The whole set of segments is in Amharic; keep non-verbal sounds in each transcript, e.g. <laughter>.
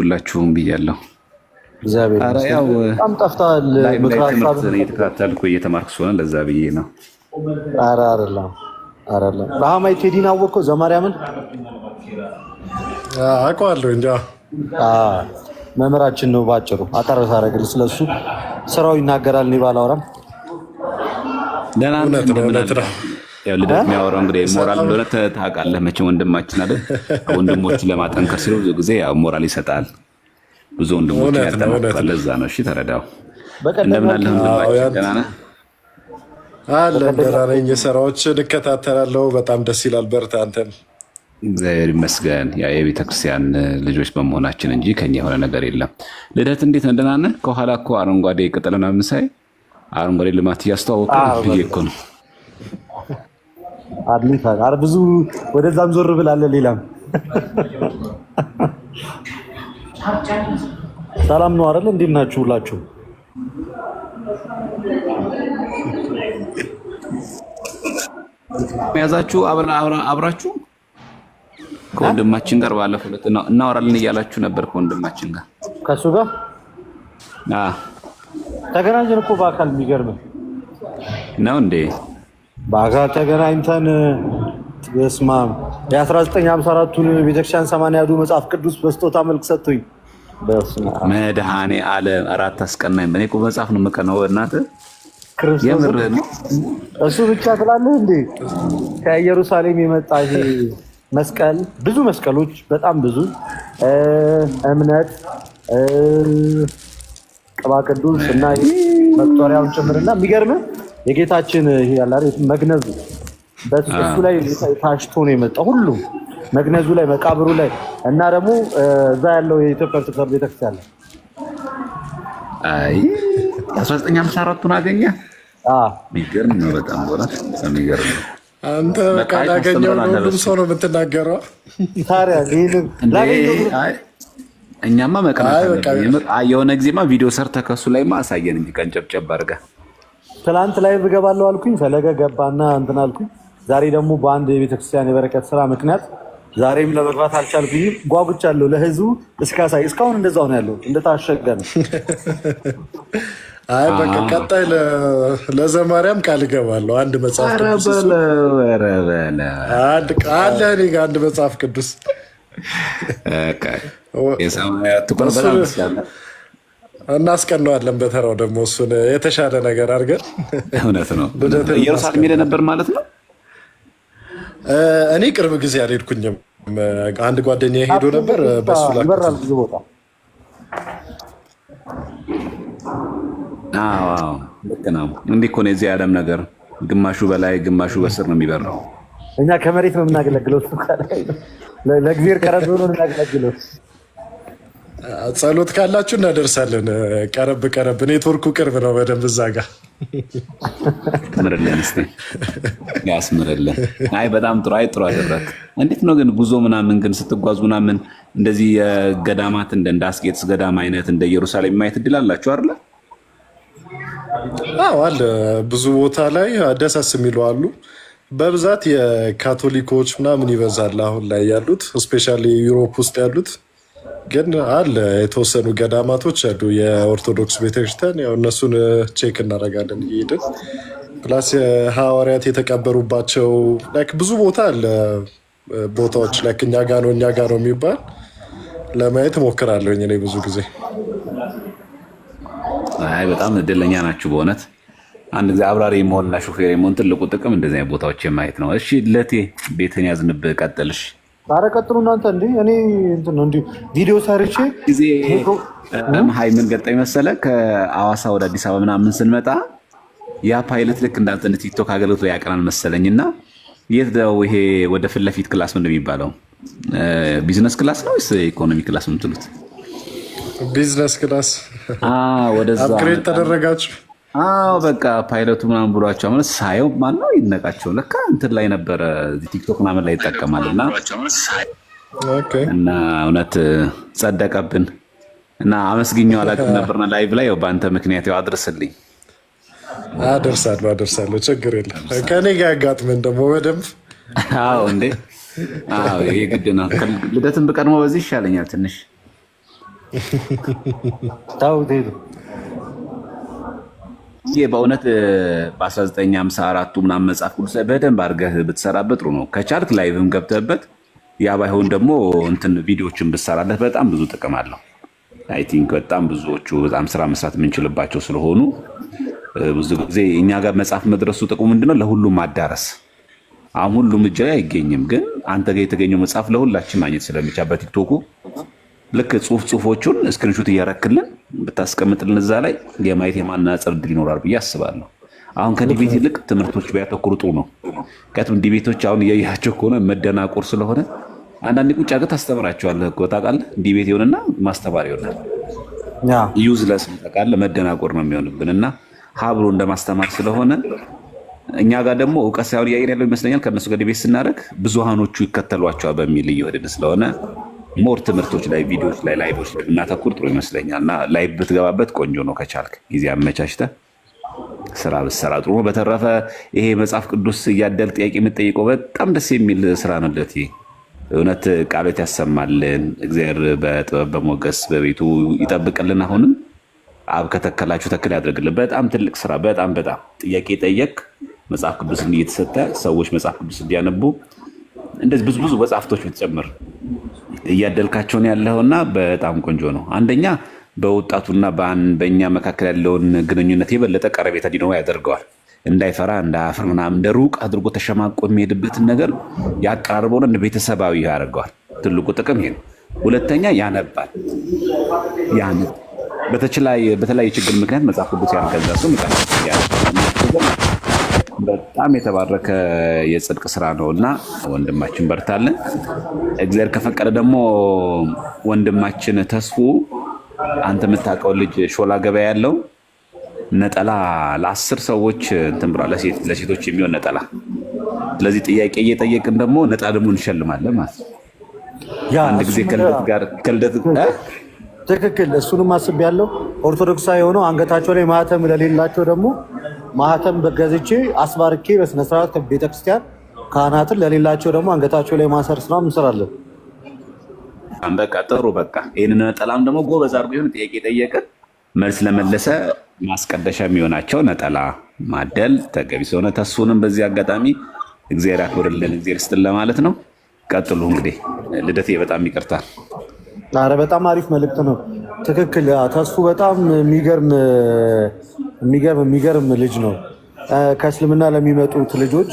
ሁላችሁም ብያለሁ። በጣም ጠፍተሃል። እየተከታተልኩ እየተማርኩ ስለሆነ ለዛ ብዬ ነው። ኧረ አይደለም አይደለም። በሀማይ ቴዲን አወቅከው? ዘማርያምን አውቀዋለሁ። እንጃ መምህራችን ነው። ባጭሩ አጠር ሳደርግል ስለሱ ስራው ይናገራል። እኔ ባላወራም ደህና ነው። ያው ልደት የሚያወራው እንግዲህ ሞራል እንደሆነ ታውቃለህ መቼም ወንድማችን አለ ወንድሞች ለማጠንከር ሲሉ ብዙ ጊዜ ያው ሞራል ይሰጣል። ብዙ ወንድሞች ያጠናል። ለዛ ነው። እሺ ተረዳው። እንደምን አለህ ወንድማችን ደህና ነህ? አለን ደህና ነኝ። የሰራዎችን እከታተላለሁ። በጣም ደስ ይላል። በርታ አንተም። እግዚአብሔር ይመስገን። የቤተክርስቲያን ልጆች በመሆናችን እንጂ ከኛ የሆነ ነገር የለም። ልደት እንዴት ነህ? ደህና ነህ? ከኋላ እኮ አረንጓዴ ቅጠልና ምሳይ አረንጓዴ ልማት እያስተዋወቁ ብዬ እኮ ነው አድሊፋል አረ ብዙ ወደዛም ዞር ብላለ። ሌላም ሰላም ነው አይደል? እንዴት ናችሁ ሁላችሁ? መያዛችሁ አብራችሁ ከወንድማችን ጋር ባለፈው ዕለት እናወራለን እያላችሁ ነበር። ከወንድማችን ጋር ከሱ ጋር ተገናኘን እኮ በአካል የሚገርም ነው እንዴ በአካል ተገናኝተን በስመ የ1954ቱን ቤተክርስቲያን ሰማንያ ያዱ መጽሐፍ ቅዱስ በስጦታ መልክ ሰጥቶኝ መድኃኔ ዓለም አራት አስቀናኝ። እኔ እኮ መጽሐፍ ነው የምቀናው እናት የምር እሱ ብቻ ትላለህ እንዴ? ከኢየሩሳሌም የመጣ ይሄ መስቀል ብዙ መስቀሎች በጣም ብዙ እምነት ቅባ ቅዱስ እና መቁጠሪያውን ጭምርና የሚገርምህ የጌታችን ይሄ ያለ መግነዙ በሱ ላይ ታሽቶ ነው የመጣ ሁሉም መግነዙ ላይ መቃብሩ ላይ እና ደግሞ እዛ ያለው የኢትዮጵያ ኦርቶዶክስ ቤተክርስቲያን ነው። አይ 1954 አራቱን አገኘ። የሚገርም ነው በጣም ወራት የሚገርም ነው። አንተ በቃ ላገኘው ሁሉም ሰው ነው የምትናገረው። ታዲያ እኛማ መቅናት የሆነ ጊዜማ ቪዲዮ ሰርተህ ከሱ ላይማ አሳየን እንጂ ቀንጨብጨብ ጨብጨብ አድርገህ ትላንት ላይ እገባለሁ አልኩኝ፣ ፈለገ ገባና እንትን አልኩኝ። ዛሬ ደግሞ በአንድ የቤተክርስቲያን የበረከት ስራ ምክንያት ዛሬም ለመግባት አልቻልኩኝም። ጓጉቻለሁ ለህዝቡ እስካሳይ። እስካሁን እንደዛው ነው ያለው፣ እንደታሸገ ነው። አይ በቃ ቀጣይ ለዘማርያም ቃል እገባለሁ። አንድ መጽሐፍ ቅዱስ አለ እኔ ጋር አንድ መጽሐፍ ቅዱስ እናስቀነዋለን በተራው ደግሞ እሱን የተሻለ ነገር አድርገን። እውነት ነው። ኢየሩሳሌም ሄደ ነበር ማለት ነው። እኔ ቅርብ ጊዜ አልሄድኩኝም። አንድ ጓደኛ ሄዶ ነበር። በሱ ላይ ልክ ነው። እንዲህ እኮ ነው የዚህ ዓለም ነገር፣ ግማሹ በላይ ግማሹ በስር ነው የሚበራው። እኛ ከመሬት ነው የምናገለግለው፣ ለእግዚአብሔር ቀረብ ብሎ ነው የምናገለግለው። ጸሎት ካላችሁ እናደርሳለን። ቀረብ ቀረብ ኔትወርኩ ቅርብ ነው። በደንብ እዛ ጋ ያስምርልን፣ ያስምርልን። አይ በጣም ጥሩ። አይ ጥሩ አደረግ። እንዴት ነው ግን ጉዞ ምናምን ግን ስትጓዙ ምናምን እንደዚህ የገዳማት እንደ አስቄጥስ ገዳም አይነት እንደ ኢየሩሳሌም ማየት እድል አላችሁ አለ? አዎ አለ። ብዙ ቦታ ላይ ደሳስ የሚሉ አሉ። በብዛት የካቶሊኮች ምናምን ይበዛል አሁን ላይ ያሉት ስፔሻሊ ዩሮፕ ውስጥ ያሉት ግን አለ የተወሰኑ ገዳማቶች አሉ የኦርቶዶክስ ቤተክርስቲያን ያው እነሱን ቼክ uh, እናደርጋለን እየሄድን ፕላስ uh, ሐዋርያት የተቀበሩባቸው ላይክ ብዙ ቦታ አለ uh, ቦታዎች ላይክ እኛ ጋ ነው እኛ ጋ ነው የሚባል ለማየት ሞክራለሁኝ እኔ ብዙ ጊዜ። አይ በጣም እድለኛ ናችሁ በእውነት አንድ ጊዜ አብራሪ መሆንና ሾፌር መሆን ትልቁ ጥቅም እንደዚህ ቦታዎች የማየት ነው። እሺ ለቴ ቤትን ያዝንብ ቀጥልሽ ኧረ ቀጥሉ እናንተ። እንዲ እኔ እንዲ ቪዲዮ ሰርቼ ጊዜ ሀይ ምን ገጠኝ መሰለ፣ ከአዋሳ ወደ አዲስ አበባ ምናምን ስንመጣ ያ ፓይለት ልክ እንዳንተ እንደ ቲክቶክ አገልግሎት ያቀናል መሰለኝ። እና የት ደው ይሄ ወደ ፊት ለፊት ክላስ ምንድን የሚባለው? ቢዝነስ ክላስ ነው ወይስ ኢኮኖሚ ክላስ የምትሉት? ቢዝነስ ክላስ ወደዛ አፕግሬድ ተደረጋችሁ አዎ በቃ ፓይለቱ ምናምን ብሏቸው ማለት ሳየው ማነው ይነቃቸው ለካ እንትን ላይ ነበረ ቲክቶክ ምናምን ላይ ይጠቀማል እና እና እውነት ጸደቀብን እና አመስግኛው አላውቅም ነበርና ላይቭ ላይ በአንተ ምክንያት ያው አድርስልኝ አደርሳለሁ አደርሳለሁ ችግር የለም ከኔ ጋር ያጋጥመን ደግሞ በደንብ አዎ እንዴ አዎ ይሄ ግድ ነው ልደትን ብቀድሞ በዚህ ይሻለኛል ትንሽ ታው ይህ በእውነት በ1954 ምናምን መጽሐፍ ቅዱስ ላይ በደንብ አድርገህ ብትሰራበት ጥሩ ነው። ከቻልክ ላይቭም ገብተህበት፣ ያ ባይሆን ደግሞ እንትን ቪዲዮዎችን ብሰራለህ በጣም ብዙ ጥቅም አለው። አይ ቲንክ በጣም ብዙዎቹ በጣም ስራ መስራት የምንችልባቸው ስለሆኑ ብዙ ጊዜ እኛ ጋር መጽሐፍ መድረሱ ጥቅሙ ምንድነው? ለሁሉም ማዳረስ። አሁን ሁሉም እጅ ላይ አይገኝም፣ ግን አንተ ጋር የተገኘው መጽሐፍ ለሁላችን ማግኘት ስለሚቻል በቲክቶኩ ልክ ጽሁፍ ጽሁፎቹን እስክሪንሹት እያረክልን ብታስቀምጥልን እዛ ላይ የማየት የማናጸር እድል ይኖራል ብዬ አስባለሁ። አሁን ከዲቤት ይልቅ ትምህርቶች ቢያተኩሩ ጥሩ ነው። ምክንያቱም ዲቤቶች አሁን እያያቸው ከሆነ መደናቁር ስለሆነ አንዳንድ ቁጭ አድርገህ ታስተምራቸዋለህ እኮ ታውቃለህ። ዲቤት ይሆንና ማስተማር ይሆናል ዩዝለስ ታውቃለህ። መደናቁር ነው የሚሆንብን እና ሀብሎ እንደማስተማር ስለሆነ እኛ ጋር ደግሞ እውቀት ሳይሆን እያየን ያለው ይመስለኛል። ከእነሱ ጋር ዲቤት ስናደርግ ብዙሃኖቹ ይከተሏቸዋል በሚል እየወደደ ስለሆነ ሞር ትምህርቶች ላይ ቪዲዮዎች ላይ ላይቦች ላይ ብናተኩር ጥሩ ይመስለኛል። እና ላይ ብትገባበት ቆንጆ ነው። ከቻልክ ጊዜ አመቻችተ ስራ ብትሰራ ጥሩ ነው። በተረፈ ይሄ መጽሐፍ ቅዱስ እያደል ጥያቄ የምጠይቀው በጣም ደስ የሚል ስራ ነው። ለት እውነት ቃሎት ያሰማልን እግዚአብሔር በጥበብ በሞገስ በቤቱ ይጠብቅልን። አሁንም አብ ከተከላችሁ ተክል ያደርግልን። በጣም ትልቅ ስራ፣ በጣም በጣም ጥያቄ ጠየቅ መጽሐፍ ቅዱስ እየተሰጠ ሰዎች መጽሐፍ ቅዱስ እንዲያነቡ እንደዚህ ብዙ ብዙ መጽሐፍቶች ብትጨምር እያደልካቸውን ያለውና በጣም ቆንጆ ነው። አንደኛ በወጣቱና በእኛ መካከል ያለውን ግንኙነት የበለጠ ቀረቤታ እንዲኖረው ያደርገዋል። እንዳይፈራ እንዳያፍር ምናምን እንደ ሩቅ አድርጎ ተሸማቆ የሚሄድበትን ነገር ያቀራርበውን እንደ ቤተሰባዊ ያደርገዋል። ትልቁ ጥቅም ይሄ ነው። ሁለተኛ ያነባል። በተለያየ ችግር ምክንያት መጽሐፍ ቅዱስ ያንገዛ ሰው በጣም የተባረከ የጽድቅ ስራ ነው እና ወንድማችን በርታለን። እግዚአብሔር ከፈቀደ ደግሞ ወንድማችን ተስፉ አንተ የምታውቀው ልጅ ሾላ ገበያ ያለው ነጠላ ለአስር ሰዎች እንትን ብሏል፣ ለሴቶች የሚሆን ነጠላ። ስለዚህ ጥያቄ እየጠየቅን ደግሞ ነጣ ደግሞ እንሸልማለን ማለት ነው። አንድ ጊዜ ከልደት ጋር ከልደት ትክክል። እሱንም አስቤያለሁ። ኦርቶዶክሳዊ የሆነው አንገታቸው ላይ ማህተም ለሌላቸው ደግሞ ማህተም በገዝቼ አስባርኬ በስነስርዓት ቤተክርስቲያን ካህናትን ለሌላቸው ደግሞ አንገታቸው ላይ ማሰር ስራም እንሰራለን። በቃ ጥሩ በቃ ይህንን ነጠላም ደግሞ ጎበዝ አድርጎ የሆነ ጥያቄ ጠየቀ፣ መልስ ለመለሰ ማስቀደሻ የሚሆናቸው ነጠላ ማደል ተገቢ ስለሆነ ተሱንም በዚህ አጋጣሚ እግዚአብሔር ያክብርልን፣ እግዚአብሔር ስትል ለማለት ነው። ቀጥሉ እንግዲህ ልደት በጣም ይቅርታል። አረ በጣም አሪፍ መልእክት ነው። ትክክል ተሱ በጣም የሚገርም የሚገርም የሚገርም ልጅ ነው። ከእስልምና ለሚመጡት ልጆች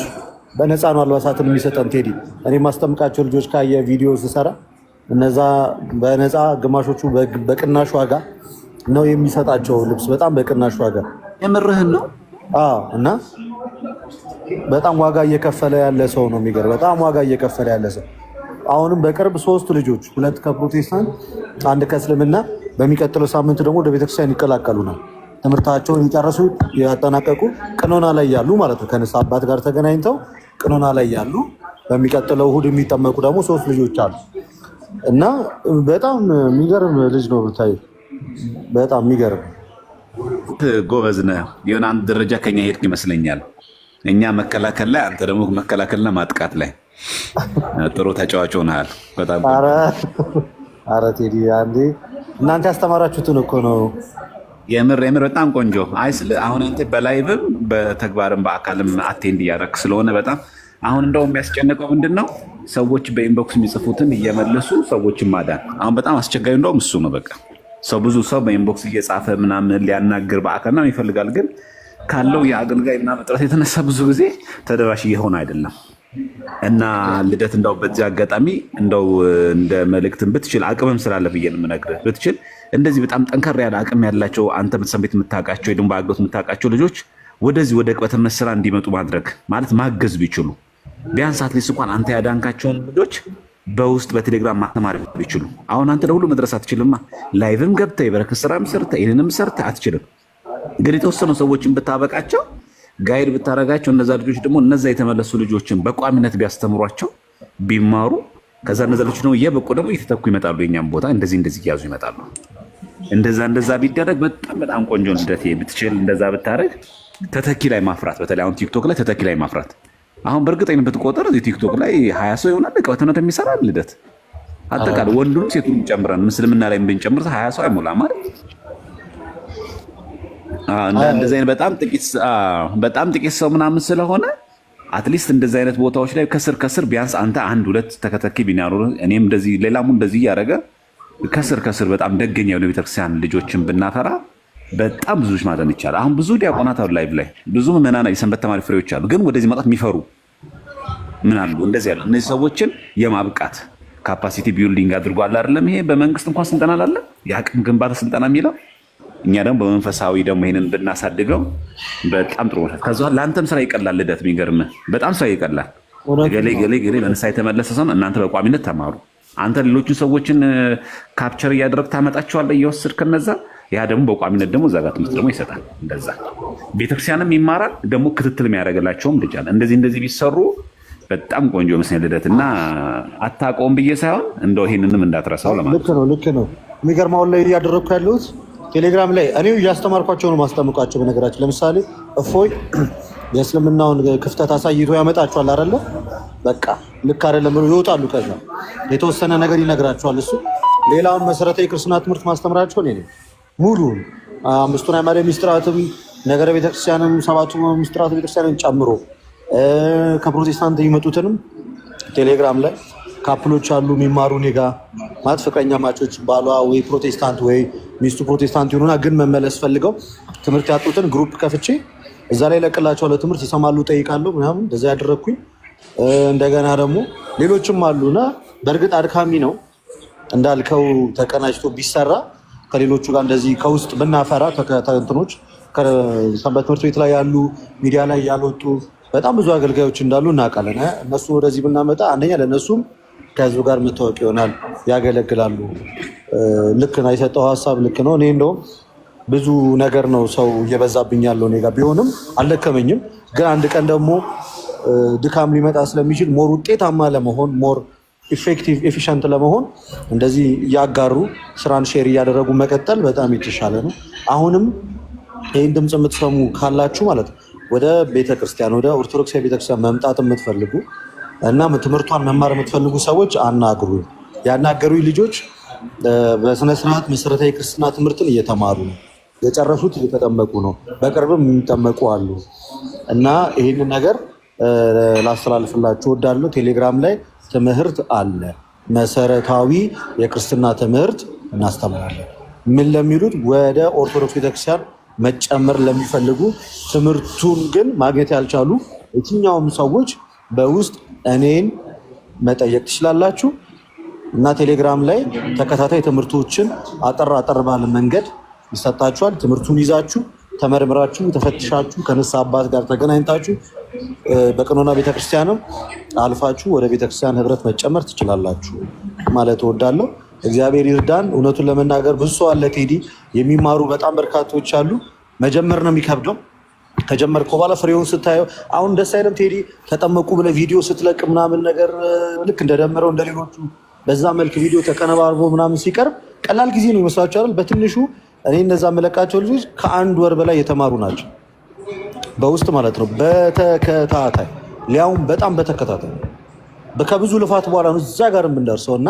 በነፃ ነው አልባሳትን የሚሰጠን ቴዲ። እኔ የማስጠምቃቸው ልጆች ካየ ቪዲዮ ስሰራ እነዛ በነፃ ግማሾቹ በቅናሽ ዋጋ ነው የሚሰጣቸው ልብስ በጣም በቅናሽ ዋጋ። የምርህን ነው? አዎ። እና በጣም ዋጋ እየከፈለ ያለ ሰው ነው የሚገርም። በጣም ዋጋ እየከፈለ ያለ ሰው አሁንም በቅርብ ሶስት ልጆች ሁለት ከፕሮቴስታንት አንድ ከእስልምና በሚቀጥለው ሳምንት ደግሞ ወደ ቤተክርስቲያን ይቀላቀሉናል። ትምህርታቸውን የጨረሱ ያጠናቀቁ ቅኖና ላይ ያሉ ማለት ነው ከንስሐ አባት ጋር ተገናኝተው ቅኖና ላይ ያሉ በሚቀጥለው እሁድ የሚጠመቁ ደግሞ ሶስት ልጆች አሉ እና በጣም የሚገርም ልጅ ነው ብታይ፣ በጣም የሚገርም ጎበዝ ነህ። የሆነ አንድ ደረጃ ከኛ ሄድክ ይመስለኛል። እኛ መከላከል ላይ፣ አንተ ደግሞ መከላከልና ማጥቃት ላይ ጥሩ ተጫዋች ሆነሃል። በጣም አረ ቴዲ፣ እናንተ ያስተማራችሁትን እኮ ነው የምር የምር በጣም ቆንጆ አይስል። አሁን አንተ በላይቭም በተግባርም በአካልም አቴንድ እያደረግ ስለሆነ በጣም አሁን እንደው የሚያስጨንቀው ምንድን ነው ሰዎች በኢንቦክስ የሚጽፉትን እየመለሱ ሰዎችን ማዳን አሁን በጣም አስቸጋሪ እንደውም እሱ ነው። በቃ ሰው ብዙ ሰው በኢንቦክስ እየጻፈ ምናምን ሊያናግር በአካል ምናምን ይፈልጋል፣ ግን ካለው የአገልጋይ ምናምን እጥረት የተነሳ ብዙ ጊዜ ተደራሽ እየሆነ አይደለም። እና ልደት እንደው በዚህ አጋጣሚ እንደው እንደ መልእክትን ብትችል አቅምም ስላለ ብዬ ነው የምነግርህ ብትችል እንደዚህ በጣም ጠንከር ያለ አቅም ያላቸው አንተ በተሰንቤት የምታውቃቸው ወይ ደግሞ በአገቱ የምታውቃቸው ልጆች ወደዚህ ወደ ቅበትነት ስራ እንዲመጡ ማድረግ ማለት ማገዝ ቢችሉ ቢያንስ አትሊስት እንኳን አንተ ያዳንካቸውን ልጆች በውስጥ በቴሌግራም ማስተማር ቢችሉ። አሁን አንተ ለሁሉ መድረስ አትችልማ። ላይቭም ገብተ የበረከት ስራም ሰርተህ ይህንንም ሰርተ አትችልም። ግን የተወሰኑ ሰዎችን ብታበቃቸው፣ ጋይድ ብታረጋቸው፣ እነዛ ልጆች ደግሞ እነዛ የተመለሱ ልጆችን በቋሚነት ቢያስተምሯቸው ቢማሩ ከዛ እነዛ ልጆች ደግሞ እየበቁ ደግሞ እየተተኩ ይመጣሉ። የኛም ቦታ እንደዚህ እንደዚህ እያዙ ይመጣሉ። እንደዛ እንደዛ ቢደረግ በጣም በጣም ቆንጆ ልደት የምትችል እንደዛ ብታደረግ ተተኪ ላይ ማፍራት፣ በተለይ አሁን ቲክቶክ ላይ ተተኪ ላይ ማፍራት። አሁን በእርግጠኝ ብትቆጥር ቲክቶክ ላይ ሀያ ሰው ይሆናል። በትነት የሚሰራ ልደት አጠቃላይ ወንዱን ሴቱን ጨምረን ምስልምና ላይ ብንጨምር ሀያ ሰው አይሞላም አይደል? እንደዚህ በጣም ጥቂት በጣም ጥቂት ሰው ምናምን ስለሆነ አትሊስት እንደዚህ አይነት ቦታዎች ላይ ከስር ከስር ቢያንስ አንተ አንድ ሁለት ተከተኪ ቢኖሩ እኔም እንደዚህ ሌላሙ እንደዚህ እያደረገ ከስር ከስር በጣም ደገኛ የሆነ ቤተክርስቲያን ልጆችን ብናፈራ በጣም ብዙዎች ማዘን ይቻላል። አሁን ብዙ ዲያቆናት አሉ፣ ላይቭ ላይ ብዙ ምዕመናን የሰንበት ተማሪ ፍሬዎች አሉ፣ ግን ወደዚህ መጣት የሚፈሩ ምን አሉ እንደዚህ ያሉ እነዚህ ሰዎችን የማብቃት ካፓሲቲ ቢልዲንግ አድርጓል አይደለም? ይሄ በመንግስት እንኳን ስልጠና አላለ የአቅም ግንባታ ስልጠና የሚለው እኛ ደግሞ በመንፈሳዊ ደግሞ ይሄንን ብናሳድገው በጣም ጥሩ። ከዛ ለአንተም ስራ ይቀላል። ልደት የሚገርም በጣም ስራ ይቀላል። ገሌ ገሌ ገሌ በንስሐ የተመለሰ ሰው እናንተ በቋሚነት ተማሩ። አንተ ሌሎችን ሰዎችን ካፕቸር እያደረግ ታመጣቸዋለ እየወስድ ከነዛ ያ ደግሞ በቋሚነት ደግሞ እዛ ጋር ትምህርት ደግሞ ይሰጣል። እንደዛ ቤተክርስቲያንም ይማራል ደግሞ ክትትል የሚያደርግላቸውም ልጅ አለ። እንደዚህ እንደዚህ ቢሰሩ በጣም ቆንጆ መስኛ ልደት እና አታውቀውም ብዬ ሳይሆን እንደው ይህንንም እንዳትረሳው ለማለት ልክ ነው። ልክ ነው። የሚገርማውን ላይ እያደረግኩ ያለሁት ቴሌግራም ላይ እኔው እያስተማርኳቸው ነው ማስጠምቃቸው። በነገራችን ለምሳሌ እፎይ የእስልምናውን ክፍተት አሳይቶ ያመጣቸዋል አይደለ? በቃ ልክ አይደለም ብሎ ይወጣሉ። ከዛ የተወሰነ ነገር ይነግራቸዋል እሱ። ሌላውን መሰረታዊ የክርስትና ትምህርት ማስተምራቸው እኔ ነኝ። ሙሉውን አምስቱን ሃይማኖታዊ ሚስጥራትም ነገረ ቤተክርስቲያንም ሰባቱ ሚስጥራት ቤተክርስቲያንን ጨምሮ ከፕሮቴስታንት የሚመጡትንም ቴሌግራም ላይ ካፕሎች አሉ የሚማሩ ኔጋ ማለት ፍቅረኛ ማቾች ባሏ ወይ ፕሮቴስታንት ወይ ሚስቱ ፕሮቴስታንት ይሆኑና ግን መመለስ ፈልገው ትምህርት ያጡትን ግሩፕ ከፍቼ እዛ ላይ ለቅላቸዋለሁ። ትምህርት ይሰማሉ፣ ጠይቃሉ ምናምን እንደዛ ያደረግኩኝ። እንደገና ደግሞ ሌሎችም አሉና በእርግጥ አድካሚ ነው እንዳልከው ተቀናጅቶ ቢሰራ ከሌሎቹ ጋር እንደዚህ ከውስጥ ብናፈራ ተከታትኖች ትምህርት ቤት ላይ ያሉ ሚዲያ ላይ ያልወጡ በጣም ብዙ አገልጋዮች እንዳሉ እናውቃለን። እነሱን ወደዚህ ብናመጣ አንደኛ ለእነሱም ከህዝቡ ጋር መታወቅ ይሆናል፣ ያገለግላሉ። ልክ ነው የሰጠው ሀሳብ ልክ ነው። እኔ እንደውም ብዙ ነገር ነው ሰው እየበዛብኝ ያለው እኔ ጋር ቢሆንም አልደከመኝም። ግን አንድ ቀን ደግሞ ድካም ሊመጣ ስለሚችል ሞር ውጤታማ ለመሆን ሞር ኢፌክቲቭ ኤፊሽንት ለመሆን እንደዚህ እያጋሩ ስራን ሼር እያደረጉ መቀጠል በጣም የተሻለ ነው። አሁንም ይህን ድምፅ የምትሰሙ ካላችሁ ማለት ነው ወደ ቤተክርስቲያን ወደ ኦርቶዶክስ ቤተክርስቲያን መምጣት የምትፈልጉ እና ትምህርቷን መማር የምትፈልጉ ሰዎች አናግሩ። ያናገሩኝ ልጆች በስነስርዓት መሰረታዊ ክርስትና ትምህርትን እየተማሩ ነው የጨረሱት እየተጠመቁ ነው። በቅርብም የሚጠመቁ አሉ እና ይህንን ነገር ላስተላልፍላችሁ እወዳለሁ። ቴሌግራም ላይ ትምህርት አለ። መሰረታዊ የክርስትና ትምህርት እናስተምራለን። ምን ለሚሉት ወደ ኦርቶዶክስ ቤተክርስቲያን መጨመር ለሚፈልጉ ትምህርቱን ግን ማግኘት ያልቻሉ የትኛውም ሰዎች በውስጥ እኔን መጠየቅ ትችላላችሁ እና ቴሌግራም ላይ ተከታታይ ትምህርቶችን አጠር አጠር ባለ መንገድ ይሰጣችኋል። ትምህርቱን ይዛችሁ ተመርምራችሁ ተፈትሻችሁ ከንስሐ አባት ጋር ተገናኝታችሁ በቀኖና ቤተክርስቲያንም አልፋችሁ ወደ ቤተክርስቲያን ህብረት መጨመር ትችላላችሁ ማለት እወዳለሁ። እግዚአብሔር ይርዳን። እውነቱን ለመናገር ብዙ ሰው አለ ቴዲ፣ የሚማሩ በጣም በርካቶች አሉ። መጀመር ነው የሚከብደው። ከጀመርከ በኋላ ፍሬውን ስታየው አሁን ደስ አይለም? ቴዲ ተጠመቁ ብለህ ቪዲዮ ስትለቅ ምናምን ነገር ልክ እንደደመረው እንደሌሎቹ በዛ መልክ ቪዲዮ ተቀነባርቦ ምናምን ሲቀርብ ቀላል ጊዜ ነው ይመስላችኋል? በትንሹ እኔ እነዛ መለቃቸው ልጆች ከአንድ ወር በላይ የተማሩ ናቸው፣ በውስጥ ማለት ነው። በተከታታይ ሊያውም በጣም በተከታታይ ከብዙ ልፋት በኋላ ነው እዛ ጋር የምንደርሰው እና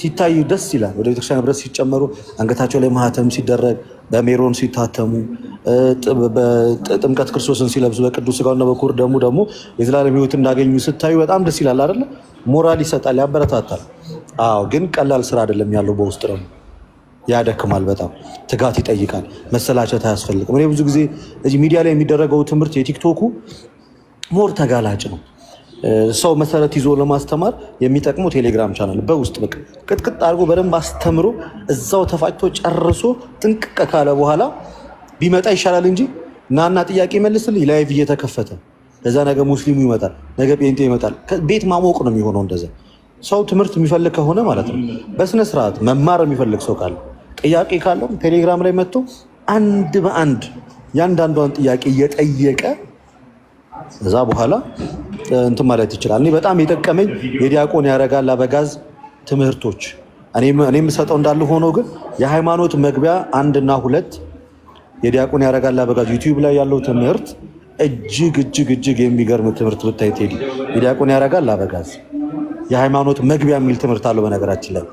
ሲታዩ ደስ ይላል። ወደ ቤተክርስቲያን ህብረት ሲጨመሩ አንገታቸው ላይ ማህተም ሲደረግ በሜሮን ሲታተሙ በጥምቀት ክርስቶስን ሲለብሱ በቅዱስ ስጋውና በኩር ደሙ ደግሞ የዘላለም ህይወት እንዳገኙ ስታዩ በጣም ደስ ይላል አይደለ? ሞራል ይሰጣል፣ ያበረታታል። አዎ፣ ግን ቀላል ስራ አይደለም ያለው በውስጥ ደግሞ ያደክማል በጣም ትጋት ይጠይቃል። መሰላቸት አያስፈልግም። እኔ ብዙ ጊዜ ሚዲያ ላይ የሚደረገው ትምህርት የቲክቶኩ ሞር ተጋላጭ ነው። ሰው መሰረት ይዞ ለማስተማር የሚጠቅመው ቴሌግራም ቻናል በውስጥ በቃ ቅጥቅጥ አድርጎ በደንብ አስተምሮ እዛው ተፋጭቶ ጨርሶ ጥንቅቅ ካለ በኋላ ቢመጣ ይሻላል እንጂ ናና ጥያቄ መልስልኝ ላይቭ እየተከፈተ ከዛ ነገ ሙስሊሙ ይመጣል፣ ነገ ጴንጤ ይመጣል። ቤት ማሞቅ ነው የሚሆነው። እንደዛ ሰው ትምህርት የሚፈልግ ከሆነ ማለት ነው በስነ ስርዓት መማር የሚፈልግ ሰው ካለ ጥያቄ ካለው ቴሌግራም ላይ መጥቶ አንድ በአንድ ያንዳንዷን ጥያቄ እየጠየቀ ከዛ በኋላ እንትን ማለት ይችላል። እኔ በጣም የጠቀመኝ የዲያቆን ያረጋል አበጋዝ ትምህርቶች እኔ የምሰጠው እንዳለ ሆኖ ግን የሃይማኖት መግቢያ አንድና ሁለት የዲያቆን ያረጋል አበጋዝ ዩቲዩብ ላይ ያለው ትምህርት እጅግ እጅግ እጅግ የሚገርም ትምህርት ብታይ ቴዲ የዲያቆን ያረጋል አበጋዝ የሃይማኖት መግቢያ የሚል ትምህርት አለው። በነገራችን ላይ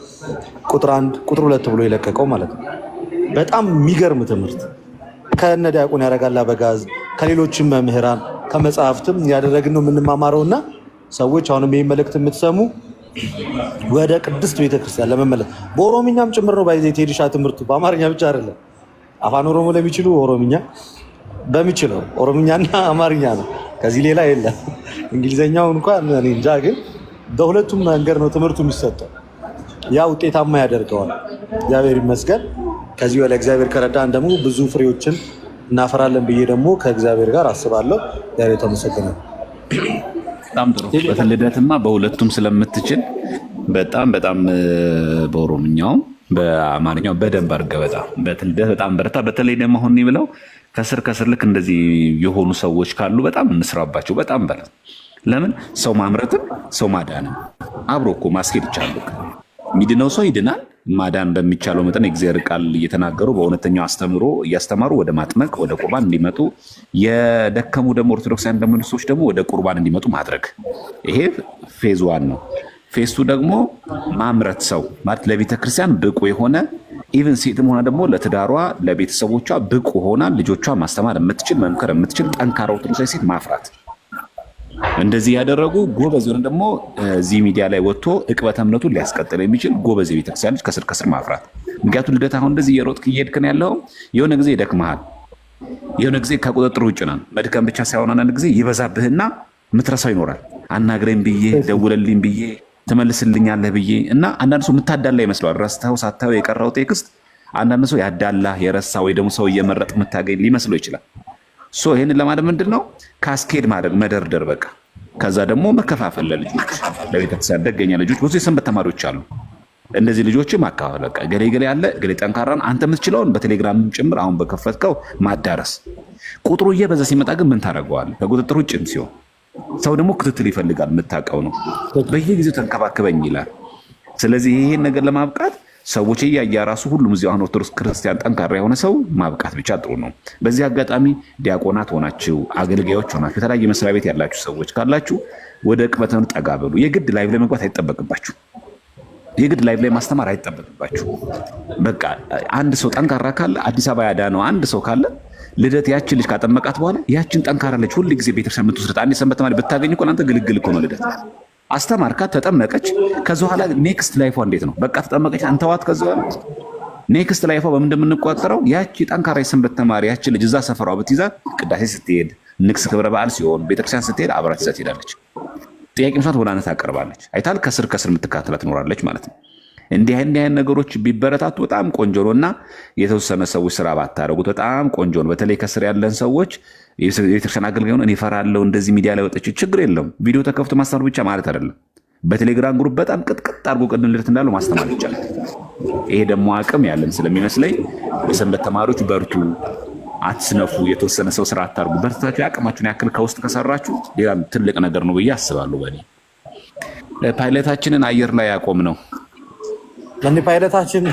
ቁጥር አንድ ቁጥር ሁለት ብሎ የለቀቀው ማለት ነው። በጣም የሚገርም ትምህርት ከነ ዲያቆን ያረጋል አበጋዝ ከሌሎችም መምህራን ከመጽሐፍትም ያደረግን ነው የምንማማረው እና ሰዎች አሁንም ይህ መልእክት የምትሰሙ ወደ ቅድስት ቤተክርስቲያን ለመመለስ በኦሮምኛም ጭምር ነው ባይዘ ቴዲሻ ትምህርቱ በአማርኛ ብቻ አይደለም። አፋን ኦሮሞ ለሚችሉ ኦሮምኛ በሚችለው ኦሮምኛና አማርኛ ነው። ከዚህ ሌላ የለም። እንግሊዘኛው እንኳን እንጃ፣ ግን በሁለቱም መንገድ ነው ትምህርቱ የሚሰጠው። ያ ውጤታማ ያደርገዋል። እግዚአብሔር ይመስገን። ከዚህ ወደ እግዚአብሔር ከረዳን ደግሞ ብዙ ፍሬዎችን እናፈራለን ብዬ ደግሞ ከእግዚአብሔር ጋር አስባለሁ። ዛሬ ተመሰገነ። በጣም ጥሩ። በልደትማ በሁለቱም ስለምትችል በጣም በጣም በኦሮምኛውም በአማርኛው በደንብ አድርገህ በጣም በትልደት በጣም በረታ። በተለይ ደግሞ አሁን ብለው ከስር ከስር ልክ እንደዚህ የሆኑ ሰዎች ካሉ በጣም እንስራባቸው። በጣም በለ ለምን ሰው ማምረትም ሰው ማዳንም አብሮ እኮ ማስኬድ ይቻሉ። ሚድነው ሰው ይድናል ማዳን በሚቻለው መጠን የእግዚአብሔር ቃል እየተናገሩ በእውነተኛው አስተምሮ እያስተማሩ ወደ ማጥመቅ ወደ ቁርባን እንዲመጡ የደከሙ ደግሞ ኦርቶዶክሳውያን ደግሞ ደግሞ ወደ ቁርባን እንዲመጡ ማድረግ ይሄ ፌዝ ዋን ነው። ፌስቱ ደግሞ ማምረት ሰው ማለት ለቤተ ክርስቲያን ብቁ የሆነ ኢቨን ሴትም ሆና ደግሞ ለትዳሯ ለቤተሰቦቿ ብቁ ሆና ልጆቿ ማስተማር የምትችል መምከር የምትችል ጠንካራ ኦርቶዶክሳዊ ሴት ማፍራት እንደዚህ ያደረጉ ጎበዝ ወይም ደግሞ እዚህ ሚዲያ ላይ ወጥቶ እቅበተ እምነቱን ሊያስቀጥል የሚችል ጎበዝ የቤተክርስቲያኖች ከስር ከስር ማፍራት። ምክንያቱም ልደት አሁን እንደዚህ እየሮጥክ እየሄድክ ነው ያለው። የሆነ ጊዜ ይደክመሃል፣ የሆነ ጊዜ ከቁጥጥር ውጭ ነን። መድከም ብቻ ሳይሆን አንዳንድ ጊዜ ይበዛብህና ምትረሳው ይኖራል። አናግረኝ ብዬ ደውለልኝ ብዬ ትመልስልኛለህ ብዬ እና አንዳንድ ሰው የምታዳላ ይመስለዋል። ረስተው ሳታየው የቀረው ቴክስት አንዳንድ ሰው ያዳላ የረሳ ወይ ደግሞ ሰው እየመረጥ የምታገኝ ሊመስለው ይችላል። ይህንን ለማለት ምንድን ነው ካስኬድ ማድረግ መደርደር በቃ ከዛ ደግሞ መከፋፈል ለልጆች ለቤተክርስቲያን ደገኛ ልጆች ብዙ የሰንበት ተማሪዎች አሉ። እንደዚህ ልጆችም አካባቢ በቃ ገሌ ገሌ አለ ገሌ ጠንካራን አንተ የምትችለውን በቴሌግራም ጭምር አሁን በከፈትከው ማዳረስ። ቁጥሩ እየበዛ ሲመጣ ግን ምን ታደርገዋለህ? ከቁጥጥር ውጭም ሲሆን ሰው ደግሞ ክትትል ይፈልጋል። የምታውቀው ነው በየጊዜው ተንከባክበኝ ይላል። ስለዚህ ይሄን ነገር ለማብቃት ሰዎች እያያ ራሱ ሁሉም እዚህ አሁን ኦርቶዶክስ ክርስቲያን ጠንካራ የሆነ ሰው ማብቃት ብቻ ጥሩ ነው። በዚህ አጋጣሚ ዲያቆናት ሆናችሁ፣ አገልጋዮች ሆናችሁ፣ የተለያየ መስሪያ ቤት ያላችሁ ሰዎች ካላችሁ ወደ ቅበተን ጠጋ በሉ። የግድ ላይቭ ላይ መግባት አይጠበቅባችሁ። የግድ ላይቭ ላይ ማስተማር አይጠበቅባችሁ። በቃ አንድ ሰው ጠንካራ ካለ አዲስ አበባ ያዳ ነው አንድ ሰው ካለ ልደት ያችን ልጅ ካጠመቃት በኋላ ያችን ጠንካራ ልጅ ሁልጊዜ ቤተክርስቲያን የምትወስደት አንድ ሰንበት ተማሪ ብታገኝ እኮ አንተ ግልግል እኮ ነው ልደት አስተማርካት፣ ተጠመቀች። ከዚ በኋላ ኔክስት ላይፏ እንዴት ነው? በቃ ተጠመቀች፣ አንተዋት። ከዚ በኋላ ኔክስት ላይፏ በምን እንደምንቋጠረው ያቺ ጠንካራ የሰንበት ተማሪ ያቺ ልጅ እዛ ሰፈሯ ብትይዛት፣ ቅዳሴ ስትሄድ፣ ንግስ ክብረ በዓል ሲሆን፣ ቤተክርስቲያን ስትሄድ አብራት ይዛ ትሄዳለች። ጥያቄ ምሳት ወደ አነት ታቀርባለች። አይታል ከስር ከስር የምትካተላ ትኖራለች ማለት ነው። እንዲህ እንዲህ አይነት ነገሮች ቢበረታቱ በጣም ቆንጆ ነው እና የተወሰነ ሰዎች ስራ ባታደረጉት በጣም ቆንጆ ነው። በተለይ ከስር ያለን ሰዎች የቤተክርስቲያን አገልጋይ ሆነ እኔ እፈራለሁ እንደዚህ ሚዲያ ላይ ወጠች ችግር የለውም። ቪዲዮ ተከፍቶ ማስተማር ብቻ ማለት አይደለም። በቴሌግራም ግሩፕ በጣም ቅጥቅጥ አድርጎ ቅድም ልደት እንዳለው ማስተማር ይቻላል። ይሄ ደግሞ አቅም ያለን ስለሚመስለኝ የሰንበት ተማሪዎች በርቱ፣ አትስነፉ፣ የተወሰነ ሰው ስራ አታርጉ፣ በርታችሁ የአቅማችሁን ያክል ከውስጥ ከሰራችሁ ሌላ ትልቅ ነገር ነው ብዬ አስባለሁ። በእኔ ፓይለታችንን አየር ላይ ያቆም ነው ፓይለታችን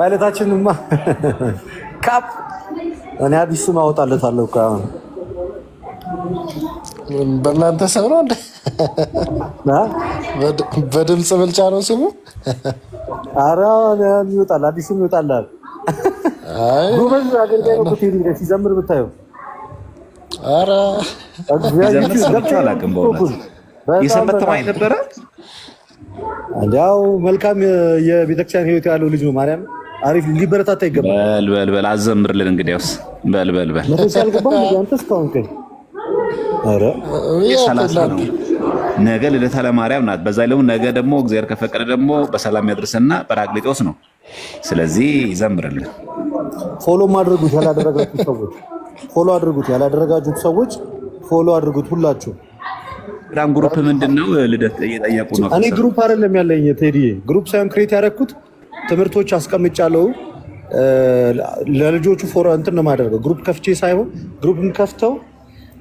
ፓይለታችንማ <laughs> እኔ አዲስ አወጣለታለሁ እኮ አሁን በእናንተ ስም ነው እንደ በድምፅ ብልጫ ነው ስሙ። ኧረ ይወጣል፣ አዲሱ ይወጣላል። ጎበዝ አገልጋይ ነው ሲዘምር ብታየው። ኧረ የሰንበት ነበረ። እንዲያው መልካም የቤተክርስቲያን ህይወት ያለው ልጅ ነው ማርያም አሪፍ ሊበረታታ ይገባል። በል በል በል አዘምርልን እንግዲያውስ በል በል በል ነገ ልደታ ለማርያም ናት። በዛ ላይ ነገ ደግሞ እግዚአብሔር ከፈቀደ ደግሞ በሰላም ያድርሰና ጰራቅሊጦስ ነው። ስለዚህ ይዘምርልን። ፎሎ አድርጉት ያላደረጋችሁ ሰዎች ፎሎ አድርጉት ያላደረጋችሁት ሰዎች ፎሎ አድርጉት ሁላችሁ። ግራም ግሩፕ ምንድን ነው ልደት እየጠየቁ ነው። እኔ ግሩፕ አይደለም ያለኝ ቴዲ ግሩፕ ሳይሆን ክሬት ያደረግኩት ትምህርቶች አስቀምጫለሁ። ለልጆቹ ፎረ እንትን ነው የማደርገው። ግሩፕ ከፍቼ ሳይሆን ግሩፕም ከፍተው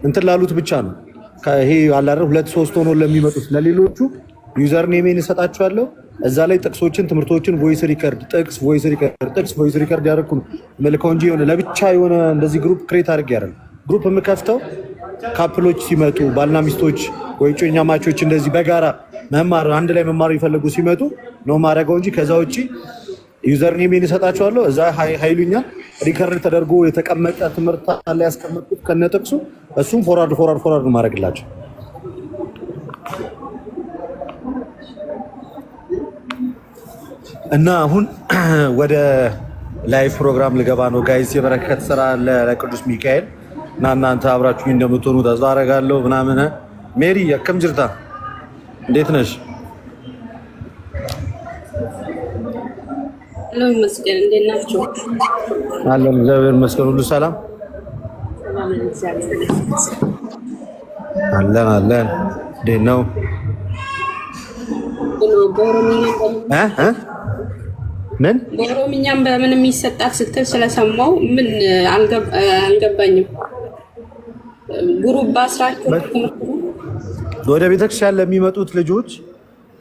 እንትን ላሉት ብቻ ነው። ይሄ አላደር ሁለት ሶስት ሆኖ ለሚመጡት ለሌሎቹ ዩዘር ኔሜን እሰጣችኋለሁ። እዛ ላይ ጥቅሶችን፣ ትምህርቶችን ቮይስ ሪከርድ ጥቅስ፣ ቮይስ ሪከርድ ጥቅስ፣ ቮይስ ሪከርድ ያደረግኩ ነው መልከው እንጂ የሆነ ለብቻ የሆነ እንደዚህ ግሩፕ ክሬት አድርግ ያደረ ግሩፕ የምከፍተው ካፕሎች ሲመጡ ባልና ሚስቶች ወይ ጮኛ ማቾች እንደዚህ በጋራ መማር አንድ ላይ መማር የሚፈልጉ ሲመጡ ነው ማድረገው እንጂ ከዛ ውጭ ዩዘር ኔሜን እሰጣቸዋለሁ። እዛ ሀይሉኛል ሪከርድ ተደርጎ የተቀመጠ ትምህርት አለ ያስቀመጡት ከነጥቅሱ እሱም ፎራርድ ፎራርድ ፎራርድ ማድረግላቸው እና አሁን <clears throat> ወደ ላይፍ ፕሮግራም ልገባ ነው ጋይስ። የበረከት ስራ አለ ለቅዱስ ሚካኤል እና እናንተ አብራችሁ እንደምትሆኑ ተስፋ አደርጋለሁ። ምናምን ሜሪ የከም ጅርታ እንዴት ነሽ? አለን እግዚአብሔር ይመስገን። ሁሉ ሰላም አለን አለን። እንዴት ነው? ምን በኦሮምኛም በምን የሚሰጣት ስትል ስለሰማው ምን አልገባኝም። ጉሩባ ስራችሁ ወደ ቤተክርስቲያን ለሚመጡት ልጆች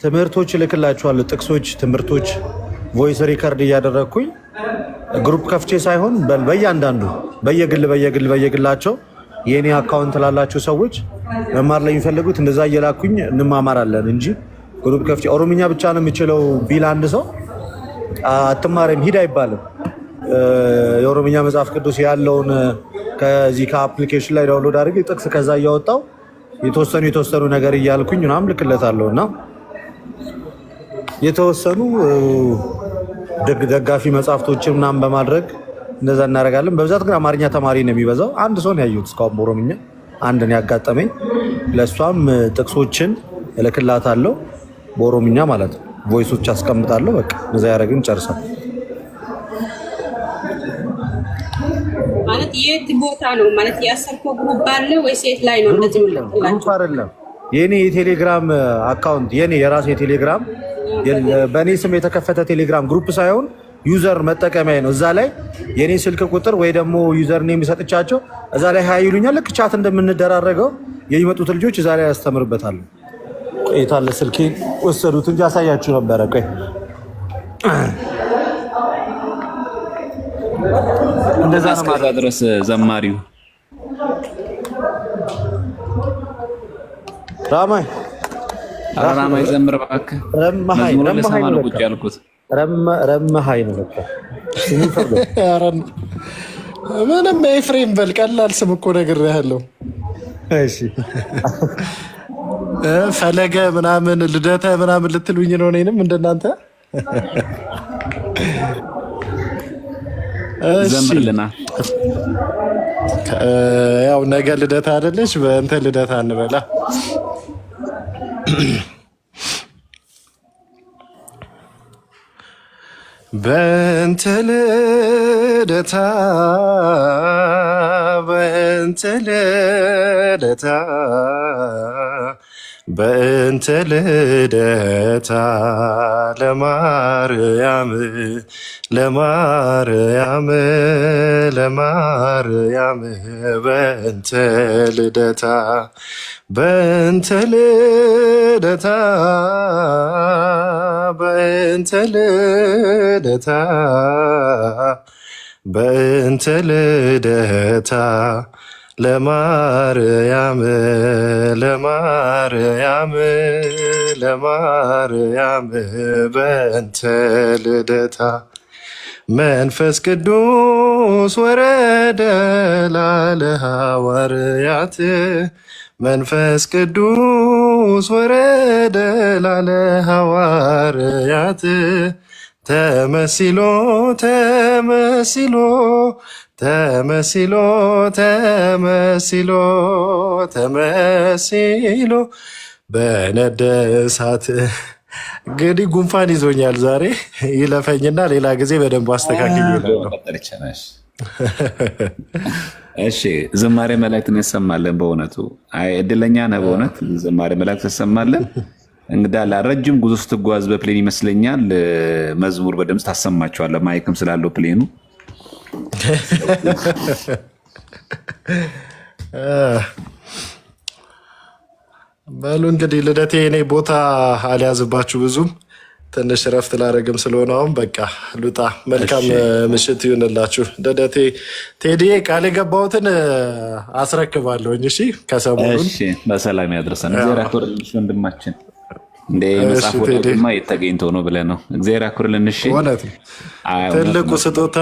ትምህርቶች እልክላችኋለሁ። ጥቅሶች፣ ትምህርቶች ቮይስ ሪከርድ እያደረግኩኝ ግሩፕ ከፍቼ ሳይሆን በእያንዳንዱ በየግል በየግል በየግላቸው የእኔ አካውንት ላላቸው ሰዎች መማር ለሚፈልጉት እንደዛ እየላኩኝ እንማማራለን እንጂ ግሩፕ ከፍቼ ኦሮምኛ ብቻ ነው የምችለው ቢል አንድ ሰው አትማሪም ሂድ አይባልም። የኦሮምኛ መጽሐፍ ቅዱስ ያለውን ከዚህ ከአፕሊኬሽን ላይ ዳውንሎድ አድርግ ጥቅስ ከዛ እያወጣው የተወሰኑ የተወሰኑ ነገር እያልኩኝ ምናምን ልክለታለሁ እና የተወሰኑ ደጋፊ መጽሐፍቶችን ምናምን በማድረግ እንደዛ እናደርጋለን። በብዛት ግን አማርኛ ተማሪ ነው የሚበዛው። አንድ ሰው ነው ያየሁት እስካሁን በኦሮምኛ አንድ ያጋጠመኝ። ለእሷም ጥቅሶችን እልክላታለሁ በኦሮምኛ ማለት ነው። ቮይሶች አስቀምጣለሁ። በቃ እዛ ያደረግን ጨርሳል። ማለት የት ቦታ ነው ማለት ያሰርከው ግሩፕ አለ ወይስ የት ላይ ነው? እንደዚህ ግሩፕ አይደለም። የኔ የቴሌግራም አካውንት የኔ የራሴ ቴሌግራም በእኔ ስም የተከፈተ ቴሌግራም ግሩፕ ሳይሆን ዩዘር መጠቀሚያ ነው። እዛ ላይ የኔ ስልክ ቁጥር ወይ ደግሞ ዩዘር ኔም የሚሰጥቻቸው እዛ ላይ ሀያ ይሉኛል። ልክ ቻት እንደምንደራረገው የሚመጡት ልጆች እዛ ላይ ያስተምርበታል። ቆይታለ ስልኬ ወሰዱት እንጂ አሳያችሁ ነበረ ቆይ እንደዛ እስከዛ ድረስ ዘማሪው ራማይ ራማይ ዘምር እባክህ። ረመሃይ ረመሃይ ነው ቁጭ ያልኩት። ረመሃይ ነው በቃ <laughs> ምንም ኤፍሬም በል ቀላል ስም እኮ ነግሬሃለሁ። እሺ ፈለገ ምናምን ልደተ ምናምን ልትሉኝ ነው እኔንም እንደናንተ <laughs> ዘምርልና ያው ነገ ልደታ አይደለች? በእንተ ልደታ እንበላ። በእንተ ልደታ በእንተ ልደታ በእንተ ልደታ ለማርያም ለማርያም ለማርያም በእንተ ልደታ በእንተ ልደታ በእንተ ልደታ በእንተ ልደታ ለማርያም ለማርያም ለማርያም በእንተ ልደታ መንፈስ ቅዱስ ወረደ ላለ ሐዋርያት መንፈስ ቅዱስ ወረደ ላለ ሐዋርያት ተመሲሎ ተመሲሎ ተመሲሎ ተመሲሎ ተመሲሎ በነደ <laughs> እንግዲህ ጉንፋን ይዞኛል ዛሬ ይለፈኝና ሌላ ጊዜ በደንብ አስተካክል ይላለሁ። እሺ ዝማሬ መላእክት እንሰማለን። በእውነቱ እድለኛ ነህ በእውነት ዝማሬ መላእክት እንሰማለን። እንግዳ ረጅም ጉዞ ስትጓዝ በፕሌን ይመስለኛል መዝሙር በድምፅ ታሰማቸዋለህ፣ ማይክም ስላለው ፕሌኑ <laughs> በሉ እንግዲህ ልደቴ፣ እኔ ቦታ አልያዝባችሁ ብዙም ትንሽ ረፍት ላደረግም ስለሆነ አሁን በቃ ሉጣ፣ መልካም ምሽት ይሁንላችሁ። ልደቴ ቴዲዬ፣ ቃል የገባሁትን አስረክባለሁኝ። እሺ፣ ከሰሞኑን በሰላም ያድርሰን። እግዚአብሔር ያክብርልን ወንድማችን። እንደ መጽሐፍ ወደማ የተገኝተው ነው ብለህ ነው። እግዚአብሔር ያክብርልን። እሺ፣ ትልቁ ስጦታ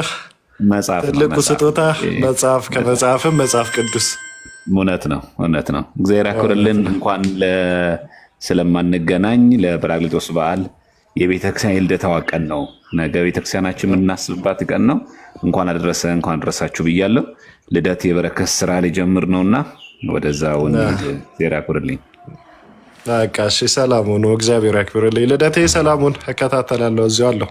ትልቁ ስጦታ መጽሐፍ ከመጽሐፍም መጽሐፍ ቅዱስ እውነት ነው፣ እውነት ነው። እግዚአብሔር ያክብርልን። እንኳን ስለማንገናኝ ለጰራቅሊጦስ በዓል የቤተክርስቲያን የልደታዋ ቀን ነው። ነገ ቤተክርስቲያናችን የምናስብባት ቀን ነው። እንኳን አደረሰ እንኳን አደረሳችሁ ብያለሁ። ልደት የበረከት ስራ ሊጀምር ነውና ወደዛው እግዚአብሔር ያክብርልኝ። በቃ ሰላሙን እግዚአብሔር ያክብርልኝ። ልደቴ ሰላሙን እከታተላለሁ። እዚሁ አለሁ።